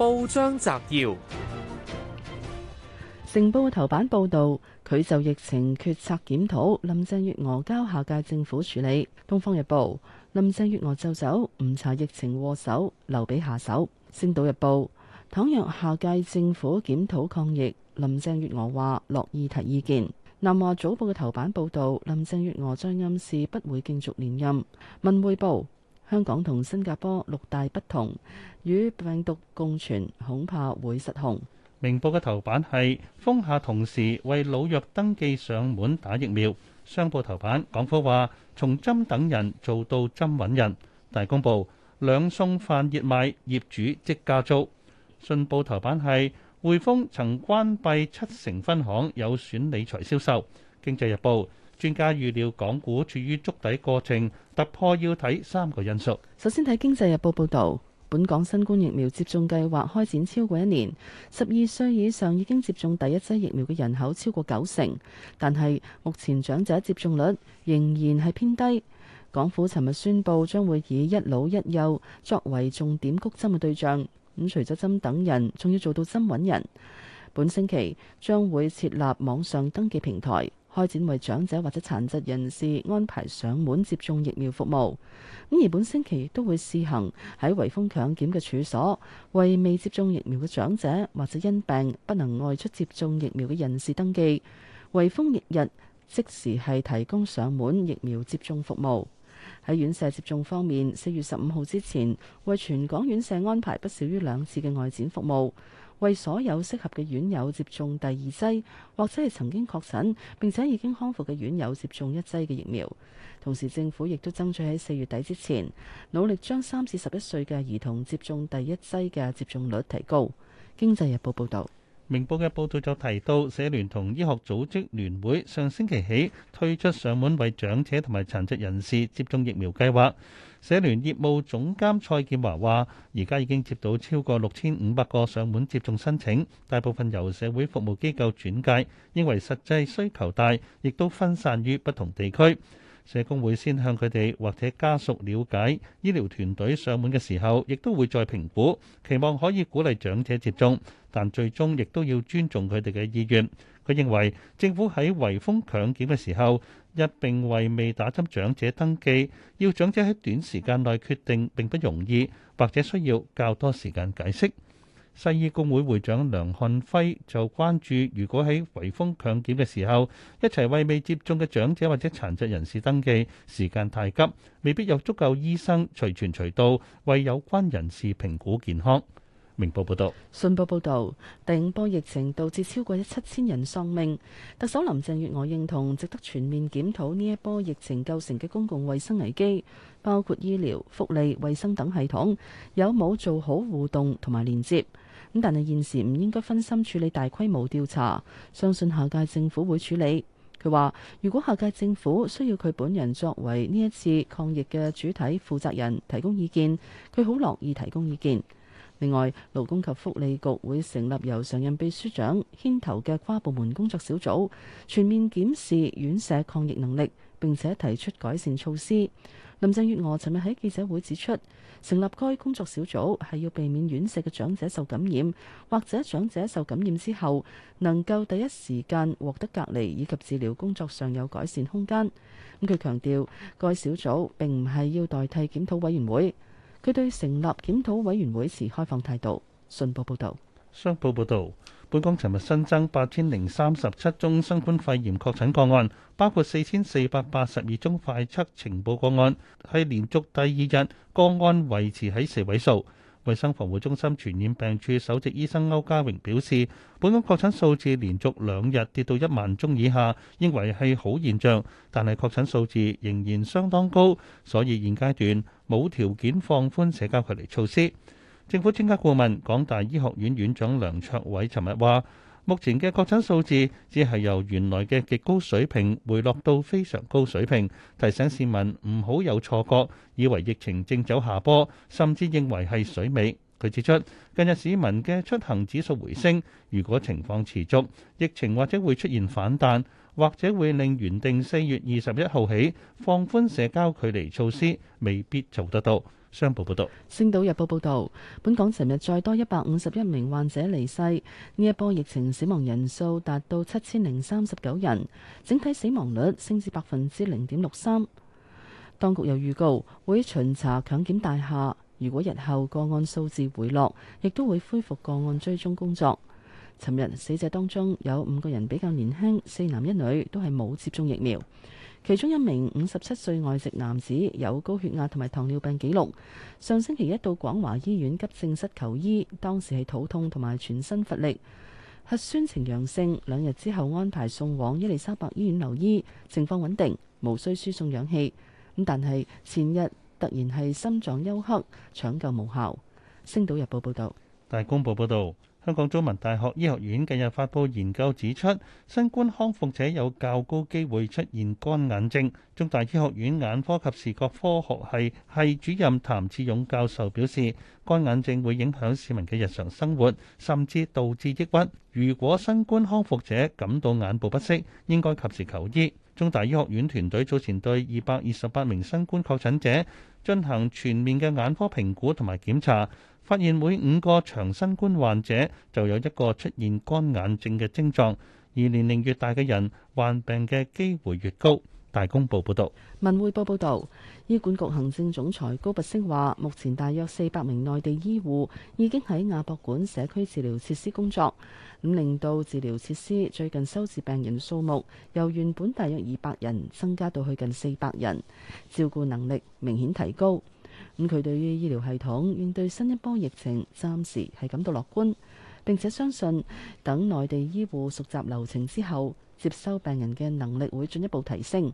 報章摘要：《成報》頭版報道，佢就疫情決策檢討，林鄭月娥交下屆政府處理。《東方日報》：林鄭月娥就走，唔查疫情禍首，留俾下手。《星島日報》：倘若下屆政府檢討抗疫，林鄭月娥話樂意提意見。《南華早報》嘅頭版報道，林鄭月娥將暗示不會繼續連任。《文匯報》香港同新加坡六大不同，與病毒共存恐怕會失控。明報嘅頭版係封下，同時為老弱登記上門打疫苗。商報頭版，港府話從針等人做到針搵人。大公報兩餸飯熱賣，業主即加租。信報頭版係匯豐曾關閉七成分行，有損理財銷售。經濟日報。專家預料港股處於築底過程，突破要睇三個因素。首先睇《經濟日報》報導，本港新冠疫苗接種計劃開展超過一年，十二歲以上已經接種第一劑疫苗嘅人口超過九成，但係目前長者接種率仍然係偏低。港府尋日宣布，將會以一老一幼作為重點谷針嘅對象。咁除咗針等人，仲要做到針揾人。本星期將會設立網上登記平台。開展為長者或者殘疾人士安排上門接種疫苗服務，咁而本星期都會試行喺圍封強檢嘅處所，為未接種疫苗嘅長者或者因病不能外出接種疫苗嘅人士登記，圍封翌日即時係提供上門疫苗接種服務。喺院舍接種方面，四月十五號之前為全港院舍安排不少於兩次嘅外展服務。為所有適合嘅院友接種第二劑，或者係曾經確診並且已經康復嘅院友接種一劑嘅疫苗。同時，政府亦都爭取喺四月底之前，努力將三至十一歲嘅兒童接種第一劑嘅接種率提高。經濟日報報道。明報嘅報導就提到，社聯同醫學組織聯會上星期起推出上門為長者同埋殘疾人士接種疫苗計劃。社聯業務總監蔡建華話，而家已經接到超過六千五百個上門接種申請，大部分由社會服務機構轉介，認為實際需求大，亦都分散於不同地區。社工會先向佢哋或者家屬了解，醫療團隊上門嘅時候，亦都會再評估，期望可以鼓勵長者接種，但最終亦都要尊重佢哋嘅意願，佢認為政府喺颶風強檢嘅時候，一併為未打針長者登記要長者喺短時間內決定並不容易，或者需要較多時間解釋。西醫工會會長梁漢輝就關注，如果喺圍封強檢嘅時候一齊為未接種嘅長者或者殘疾人士登記，時間太急，未必有足夠醫生隨傳隨到為有關人士評估健康。明報報導，信報報導，第五波疫情導致超過一七千人喪命。特首林鄭月娥認同，值得全面檢討呢一波疫情構成嘅公共衛生危機，包括醫療、福利、衛生等系統有冇做好互動同埋連接。咁但係現時唔應該分心處理大規模調查，相信下屆政府會處理。佢話：如果下屆政府需要佢本人作為呢一次抗疫嘅主體負責人提供意見，佢好樂意提供意見。另外，勞工及福利局會成立由常任秘書長牽頭嘅跨部門工作小組，全面檢視院舍抗疫能力。並且提出改善措施。林鄭月娥尋日喺記者會指出，成立該工作小組係要避免院舍嘅長者受感染，或者長者受感染之後能夠第一時間獲得隔離以及治療工作上有改善空間。咁佢強調，該小組並唔係要代替檢討委員會。佢對成立檢討委員會持開放態度。信報報導，商報報導。本港尋日新增八千零三十七宗新冠肺炎確診個案，包括四千四百八十二宗快測呈報個案，係連續第二日個案維持喺四位數。衛生防護中心傳染病處首席醫生歐家榮表示，本港確診數字連續兩日跌到一萬宗以下，認為係好現象，但係確診數字仍然相當高，所以現階段冇條件放寬社交距離措施。政府專家顧問港大醫學院院長梁卓偉尋日話：目前嘅確診數字只係由原來嘅極高水平回落到非常高水平，提醒市民唔好有錯覺，以為疫情正走下坡，甚至認為係水尾。佢指出，近日市民嘅出行指數回升，如果情況持續，疫情或者會出現反彈，或者會令原定四月二十一號起放寬社交距離措施未必做得到。商報報道，《星島日報》報道，本港尋日再多一百五十一名患者離世，呢一波疫情死亡人數達到七千零三十九人，整體死亡率升至百分之零點六三。當局又預告會巡查強檢大廈，如果日後個案數字回落，亦都會恢復個案追蹤工作。尋日死者當中有五個人比較年輕，四男一女，都係冇接種疫苗。其中一名五十七歲外籍男子有高血壓同埋糖尿病記錄，上星期一到廣華醫院急症室求醫，當時係肚痛同埋全身乏力，核酸呈陽性，兩日之後安排送往伊利沙伯醫院留醫，情況穩定，無需輸送氧氣。咁但係前日突然係心臟休克，搶救無效。星島日報報道。大公報報道。香港中文大學醫學院近日發布研究指出，新冠康復者有較高機會出現乾眼症。中大醫學院眼科及視覺科學系系主任譚志勇教授表示，乾眼症會影響市民嘅日常生活，甚至導致抑鬱。如果新冠康復者感到眼部不適，應該及時求醫。中大醫學院團隊早前對二百二十八名新冠確診者進行全面嘅眼科評估同埋檢查。發現每五個長新冠患者就有一個出現乾眼症嘅症狀，而年齡越大嘅人患病嘅機會越高。大公報報道，文匯報報道，醫管局行政總裁高拔昇話，目前大約四百名內地醫護已經喺亞博館社區治療設施工作，咁令到治療設施最近收治病人數目由原本大約二百人增加到去近四百人，照顧能力明顯提高。咁佢對於醫療系統應對新一波疫情，暫時係感到樂觀，並且相信等內地醫護熟習流程之後，接收病人嘅能力會進一步提升。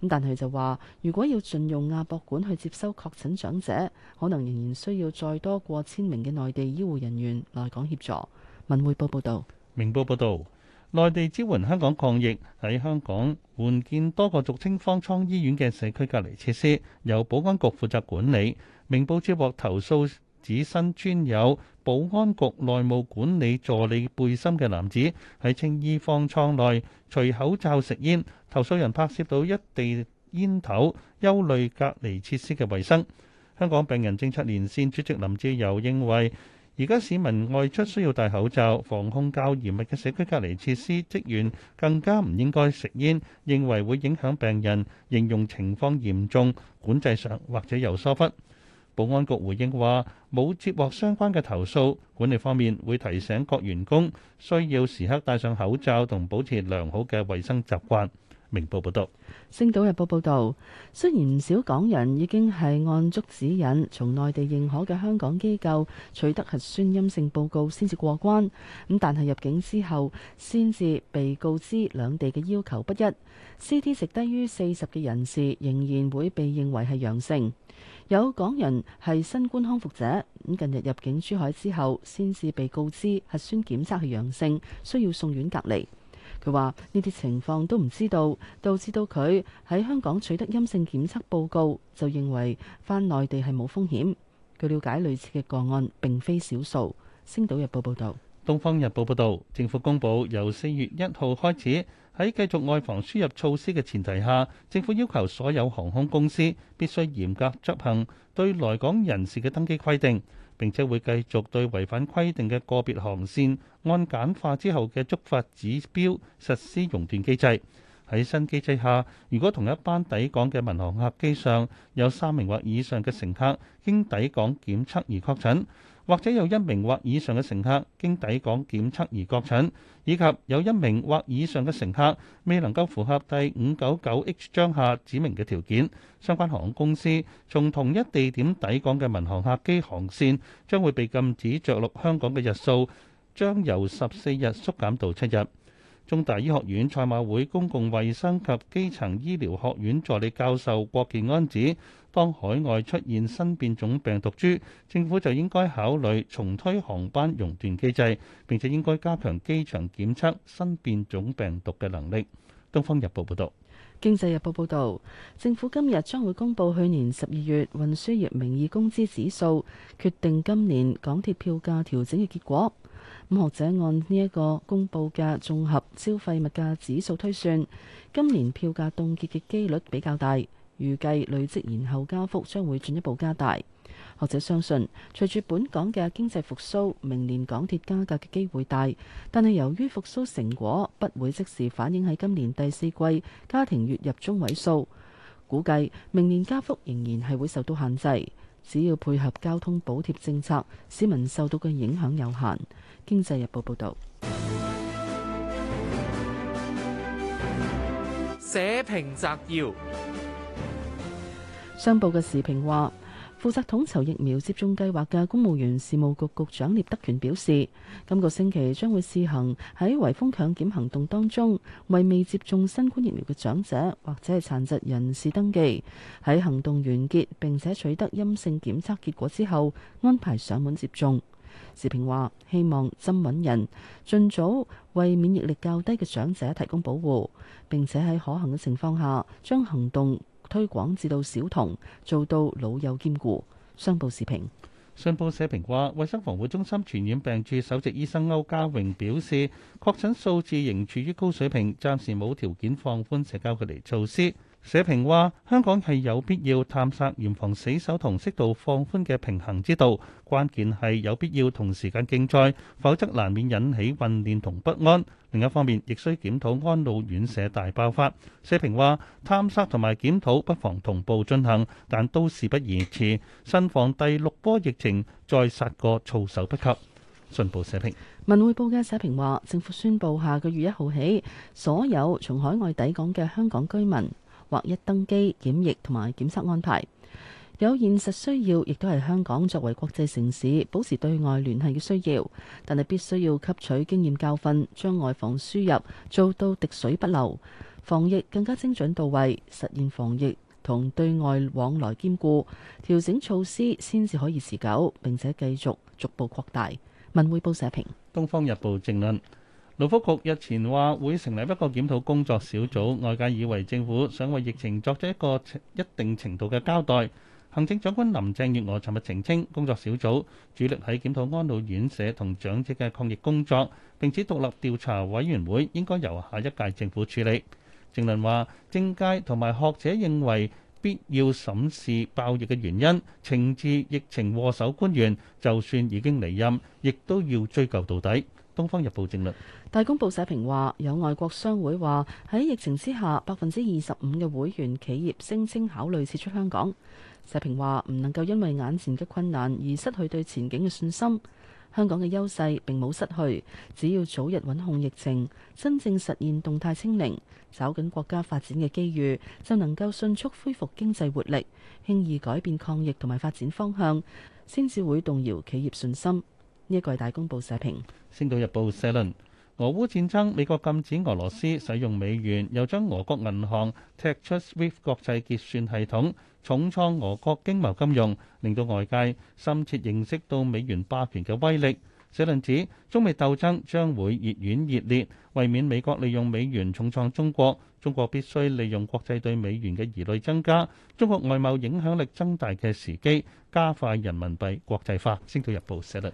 咁但佢就話，如果要盡用亞博館去接收確診長者，可能仍然需要再多過千名嘅內地醫護人員來港協助。文匯報報道。明報報導。內地支援香港抗疫，喺香港援建多個俗稱方艙醫院嘅社區隔離設施，由保安局負責管理。明報接獲投訴，指身穿有保安局內務管理助理背心嘅男子喺青衣方艙內除口罩食煙，投訴人拍攝到一地煙頭，憂慮隔離設施嘅衞生。香港病人政策連線主席林志友認為。而家市民外出需要戴口罩，防控較嚴密嘅社區隔離設施職員更加唔應該食煙，認為會影響病人應用情況嚴重，管制上或者有疏忽。保安局回應話，冇接獲相關嘅投訴，管理方面會提醒各員工需要時刻戴上口罩同保持良好嘅衛生習慣。明報報道：《星島日報》報道，雖然唔少港人已經係按足指引，從內地認可嘅香港機構取得核酸陰性報告先至過關，咁但係入境之後先至被告知兩地嘅要求不一。CT 值低於四十嘅人士仍然會被認為係陽性。有港人係新冠康復者，咁近日入境珠海之後先至被告知核酸檢測係陽性，需要送院隔離。佢話：呢啲情況都唔知道，導致到佢喺香港取得陰性檢測報告，就認為返內地係冇風險。據瞭解，類似嘅個案並非少數。星島日報報導。東方日報報導，政府公佈由四月一號開始，喺繼續外防輸入措施嘅前提下，政府要求所有航空公司必須嚴格執行對來港人士嘅登機規定。並且會繼續對違反規定嘅個別航線按簡化之後嘅觸發指標實施熔斷機制。喺新機制下，如果同一班抵港嘅民航客機上有三名或以上嘅乘客經抵港檢測而確診，或者有一名或以上嘅乘客經抵港檢測而確診，以及有一名或以上嘅乘客未能夠符合第五九九 H 章下指明嘅條件，相關航空公司從同一地點抵港嘅民航客機航線將會被禁止着陸香港嘅日數將由十四日縮減到七日。中大醫學院賽馬會公共衛生及基層醫療學院助理教授郭健安指，當海外出現新變種病毒株，政府就應該考慮重推航班熔斷機制，並且應該加強機場檢測新變種病毒嘅能力。《東方日報》報道。《經濟日報》報道，政府今日將會公布去年十二月運輸業名義工資指數，決定今年港鐵票價調整嘅結果。咁學者按呢一個公佈嘅綜合消費物價指數推算，今年票價凍結嘅機率比較大。預計累積延後加幅將會進一步加大。學者相信，隨住本港嘅經濟復甦，明年港鐵加價嘅機會大，但係由於復甦成果不會即時反映喺今年第四季家庭月入中位數，估計明年加幅仍然係會受到限制。只要配合交通補貼政策，市民受到嘅影響有限。經濟日報報導。社評摘要。商報嘅時評話，負責統籌疫苗接種計劃嘅公務員事務局局長聶德權表示，今個星期將會試行喺圍封強檢行動當中，為未接種新冠疫苗嘅長者或者係殘疾人士登記，喺行動完結並且取得陰性檢測結果之後，安排上門接種。時評話，希望真揾人，盡早為免疫力較低嘅長者提供保護，並且喺可行嘅情況下，將行動。推廣至到小童，做到老幼兼顧。商報視頻，商報社評話，衞生防護中心傳染病處首席醫生歐家榮表示，確診數字仍處於高水平，暫時冇條件放寬社交距離措施。社評話：香港係有必要探索嚴防死守同適度放寬嘅平衡之道，關鍵係有必要同時間競賽，否則難免引起混亂同不安。另一方面，亦需檢討安老院舍大爆發。社評話：探索同埋檢討不妨同步進行，但都事不宜遲。慎防第六波疫情再殺個措手不及。信報社評。文匯報嘅社評話：政府宣布下個月一號起，所有從海外抵港嘅香港居民。或一登機檢疫同埋檢測安排，有現實需要，亦都係香港作為國際城市保持對外聯繫嘅需要。但係必須要吸取經驗教訓，將外防輸入做到滴水不漏，防疫更加精準到位，實現防疫同對外往來兼顧，調整措施先至可以持久，並且繼續逐步擴大。文匯報社評，《東方日報》正論。勞福局日前話會成立一個檢討工作小組，外界以為政府想為疫情作出一個一定程度嘅交代。行政長官林鄭月娥尋日澄清，工作小組主力喺檢討安老院舍同長者嘅抗疫工作，並且獨立調查委員會應該由下一屆政府處理。政論話政界同埋學者認為必要審視爆疫嘅原因，懲治疫情禍首官員，就算已經離任，亦都要追究到底。《東方日報》正論。大公報社評話，有外國商會話喺疫情之下，百分之二十五嘅會員企業聲稱考慮撤出香港。社評話唔能夠因為眼前嘅困難而失去對前景嘅信心。香港嘅優勢並冇失去，只要早日穩控疫情，真正實現動態清零，抓緊國家發展嘅機遇，就能夠迅速恢復經濟活力，輕易改變抗疫同埋發展方向，先至會動搖企業信心。呢個係大公報社評，《星島日報》社論：俄烏戰爭，美國禁止俄羅斯使用美元，又將俄國銀行踢出 Swift 國際結算系統，重創俄國經貿金融，令到外界深切認識到美元霸權嘅威力。社論指，中美鬥爭將會越演越烈，為免美國利用美元重創中國，中國必須利用國際對美元嘅疑慮增加，中國外貿影響力增大嘅時機，加快人民幣國際化。《星島日報》社論。